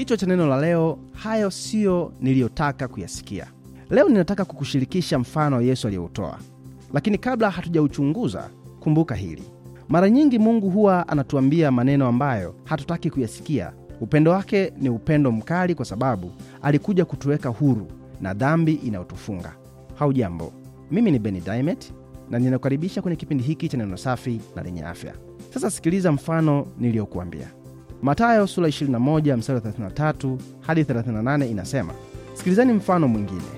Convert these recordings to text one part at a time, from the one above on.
Kichwa cha neno la leo, hayo siyo niliyotaka kuyasikia. Leo ninataka kukushirikisha mfano Yesu aliyoutoa, lakini kabla hatujauchunguza, kumbuka hili: mara nyingi Mungu huwa anatuambia maneno ambayo hatutaki kuyasikia. Upendo wake ni upendo mkali, kwa sababu alikuja kutuweka huru na dhambi inayotufunga. Haujambo, mimi ni Beni Dimet na ninakukaribisha kwenye kipindi hiki cha neno safi na lenye afya. Sasa sikiliza mfano niliyokuambia matayo sura 21 mstari 33 hadi 38 inasema, sikilizani mfano mwingine.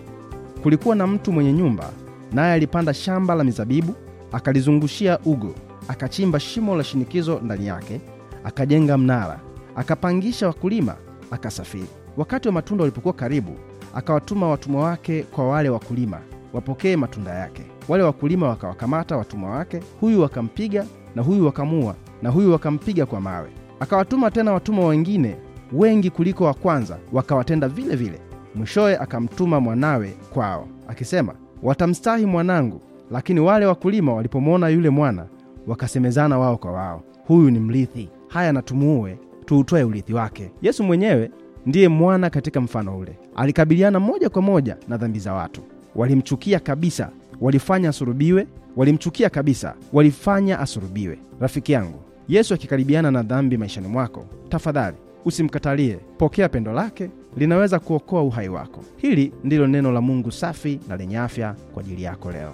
Kulikuwa na mtu mwenye nyumba, naye alipanda shamba la mizabibu, akalizungushia ugo, akachimba shimo la shinikizo ndani yake, akajenga mnara, akapangisha wakulima, akasafiri. Wakati wa matunda walipokuwa karibu, akawatuma watumwa wake kwa wale wakulima wapokee matunda yake. Wale wakulima wakawakamata watumwa wake, huyu wakampiga na huyu wakamua na huyu wakampiga kwa mawe. Akawatuma tena watumwa wengine wengi kuliko wa kwanza, wakawatenda vile vile. Mwishowe akamtuma mwanawe kwao akisema, watamstahi mwanangu. Lakini wale wakulima walipomwona yule mwana, wakasemezana wao kwa wao, huyu ni mrithi, haya natumuue tuutoe urithi wake. Yesu mwenyewe ndiye mwana katika mfano ule, alikabiliana moja kwa moja na dhambi za watu. Walimchukia kabisa, walifanya asurubiwe. Walimchukia kabisa, walifanya asurubiwe. Rafiki yangu, Yesu akikaribiana na dhambi maishani mwako, tafadhali usimkatalie. Pokea pendo lake, linaweza kuokoa uhai wako. Hili ndilo neno la Mungu safi na lenye afya kwa ajili yako leo.